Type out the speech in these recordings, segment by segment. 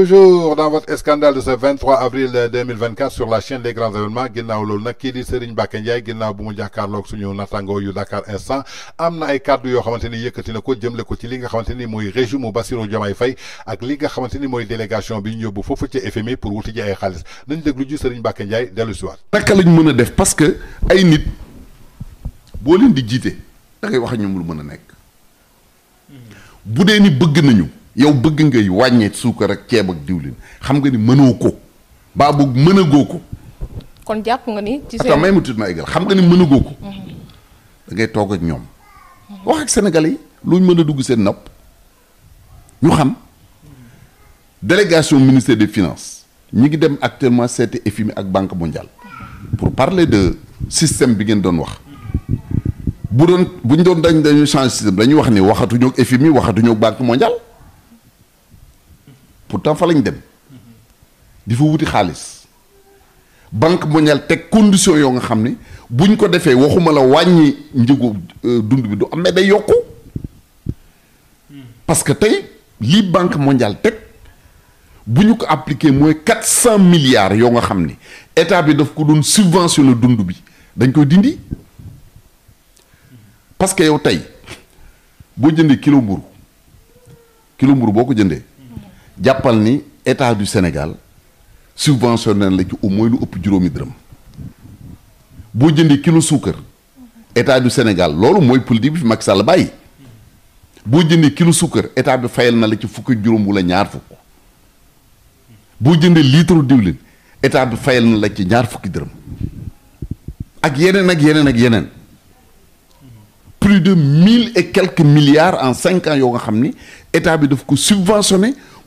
toujours dans votre scandale de ce 23 avril 2024 euh, sur la chaîne des grands événements ginnaw lol nak ki di Serigne bakay Ndiaye ginnaw bu mu jàkkaarloog suñu natango yu Dakar instant amna ay kàddu yo xamanteni yëkëti na ko jëmlé ko ci li nga xamanteni moy mooy régime mu Bassirou Diomaye ak li nga xamanteni moy délégation bi ñu yóbbu fofu ci FMI pour wuti ji ay xaalis nañ lu ju Serigne bakay Ndiaye dellu ci waat naka lañ mëna def parce que ay nit bo leen di jité da ngay wax ñu mëna nekk hmm. bu ni bëgg nañu yow bëgg ngay wàññee suukar ak ceeb ak diwlin xam nga ni mënoo ko baa boog mën a ko kon jàpp nga ni ci seen attends may ma ma égal xam nga ni mën a ko mhm. da ngay toog ak ñoom mhm. wax ak sénégalais yi luñ mën a dugg seen nopp ñu xam délégation ministère des finance ñi ngi dem actuellement seeti FMI ak banque mondiale pour parler de système bi ngeen doon wax bu doon bu ñu doon dañ dañu change système dañuy wax ni waxatuñu ak FMI waxatuñu ak banque mondiale pour pourtant fa lañ dem di fa wuti xaalis banque mondiale teg condition yoo nga xam ne buñ ko defee waxuma la wàññi njëgu euh, dund bi du am mais day yokku parce que tey lii banque mondiale teg bu ñu ko appliqué mooy quatre cent milliards yoo nga xam ne état bi daf ko doon subventionné dund bi dañ koy dindi parce que yow tey boo jëndee kilo mburu kilo boo ko jëndee jàppal ni état du Sénégal subventionné la ci au moins lu ëpp juróomi dërëm boo jëndee kilo suukar état du Sénégal lolu moy politique bi fi Macky Sall bàyyi boo jëndee kilo suukar état bi fayal na la ci fukki jurom wala ñaar fukk bo jëndee litre diwlin état bi fayal na la ci ñaar fukki dërëm ak yenen ak yenen ak yenen plus de 1000 et quelques milliards en 5 ans yo nga xamni ni état bi daf ko subventionné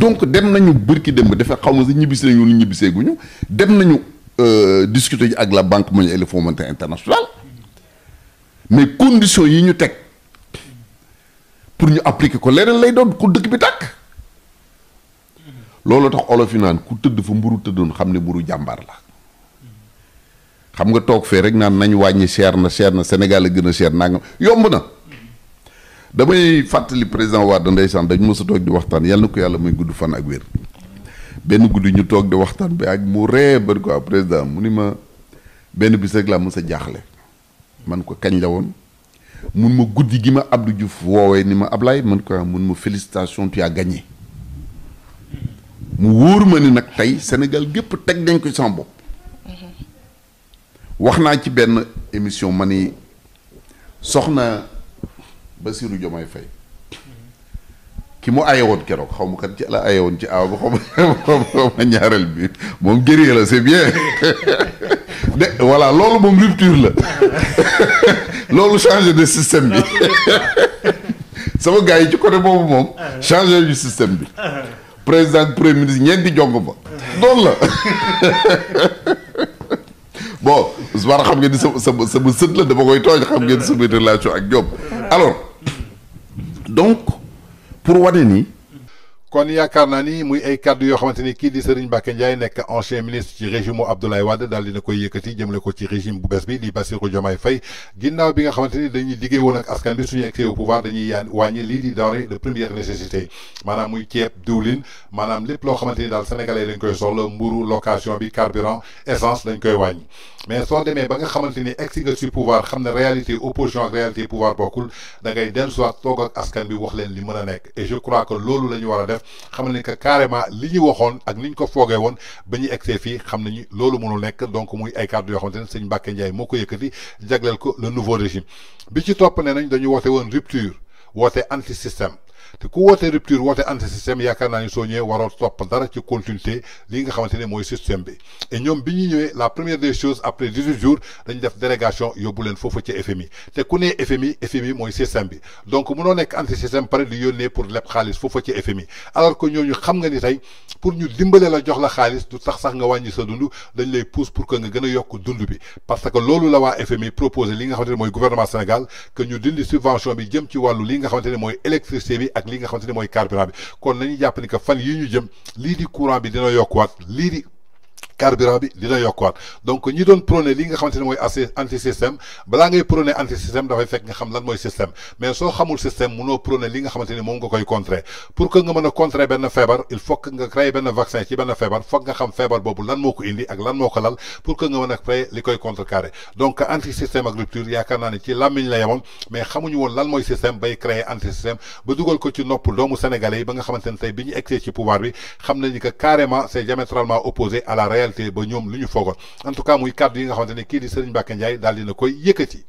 donc dem nañu bërki dem dafa xaw ma si ñibbisee ñu ñu ñibbisee guñu dem nañu euh, discuter ji ak la banque mondiale et le fonds monétaire mais conditions yi ñu teg pour ñu appliquer ko leneen lay doon ku dëkk bi tàkk loolu tax olof yi naan ku tëdd fa mburu tëddoon xam ne mburu jàmbaar la xam nga toog fee rek naan nañu wàññi cher na cher na Sénégal a gën a cher naa nga yomb na damay fàttali président Wade ndeysaan dañ mos a toog di waxtaan yàlla na ko yàlla muy gudd fan ak wér benn guddi ñu toog di waxtaan bi ak mu ree ber quoi président munima ni ma benn bis rek laa mos a man ko kañ la woon mun ma guddi gi ma Abdou Diouf woowee ni ma Ablaye man ko mun ma félicitation tu as gagné mu wóor ma ni nag tey Sénégal gépp teg nañ ko ci mhm. émission soxna Bassirou Diomaye qui kan ci la ayewon, ci aw suis bi la c'est bien voilà lolu moom rupture la de système bi sama gars yi ci côté du système président premier ministre ñeenti jong ba don la bon je xam ngeen ni de vous la dama koy toj xam alors donc pour wane ni. kon yaakaar naa ni muy ay cadre yo xamanteni ki di Serigne Mbacké Ndiaye nekk ancien ministre ci régime mu Abdoulaye Wade dal dina koy yëkkati jëmale ko ci régime bu bes bi di Bassirou Diomaye fay ginnaw bi nga xamanteni dañuy liggéey woon ak askan bi suñu egsi au pouvoir dañuy yaa wàññi lii di denrée de première nécessité manam muy ceeb diwlin manam lepp lo xamanteni dal sénégalais dañ koy soxlo mburu location bi carburant essence dañ koy wàññi mais soo demee ba nga xamante ni egsi nga ci pouvoir xam ne réalité opposition ak réalité pouvoir bokkul da ngay dem soit toog ak askan bi wax leen li mën a nekk et je crois que loolu la ñu war a def xam ni que carrément li ñu waxoon ak li ñu ko foogee woon ba ñu egsee fii xam nañu loolu mënul nekk donc muy ay kàddu yoo xamante ne sëñ Mbacke Ndiaye moo ko yëkkati jagleel ko le nouveau régime bi ci topp ne nañ dañu woote woon rupture woote anti système te ku wootee rupture woote anti système yakarna naa ni soo ñëwee waroo dara ci continuité li nga xamante moy système bi et ñom biñu ñëwé la première des choses après 18 jours dañ def délégation yóbbu leen foofu ci FMI te ku ne FMI FMI moy système bi donc mëno nek anti système pare di yónnee pour leb xaalis fofu ci FMI alors que ñoo ñu xam nga ni tay pour ñu dimbalé la jox la xaalis du tax sax nga wañi sa dundu dañ lay pousse pour que nga gëna yok dundu bi parce que lolu la wa FMI proposé li nga xamante moy gouvernement Sénégal que ñu dindi subvention bi jëm ci walu li nga xamante moy électricité bi ak li nga xamante ne mooy carburant bi kon nañu jàpp ni que fan yi ñu jëm lii di courant bi dina yokkuwaat lii di carburant bi dina yokkuwaat donc ñi doon prôné li nga xamante moy anti système bala ngay prôné anti système da fay fekk nga xam lan moy système mais so xamul système munoo prôné li nga xamante mom moom nga koy contrer pour que nga mëna contrer ben fièvre il faut que nga créer ben vaccin ci ben fièvre faut nga xam fièvre bobu lan moko indi ak lan moko lal pour que nga mën a créer likoy koy contrecarrer donc anti système ak rupture yakarna naa ci làmmiñ la yemoon mais xamuñu won lan moy système bay créer anti système ba duggal ko ci nopp doomu sénégalais ba nga xamante ne biñu excès ci pouvoir bi xam nañu que carrément c'est diamétralement opposé à la réalité réalité ba ñoom lu ñu foogoon en tout cas muy kàddu yi nga xamante ne kii di Serigne Mbacké Ndiaye daal dina koy yëkkati.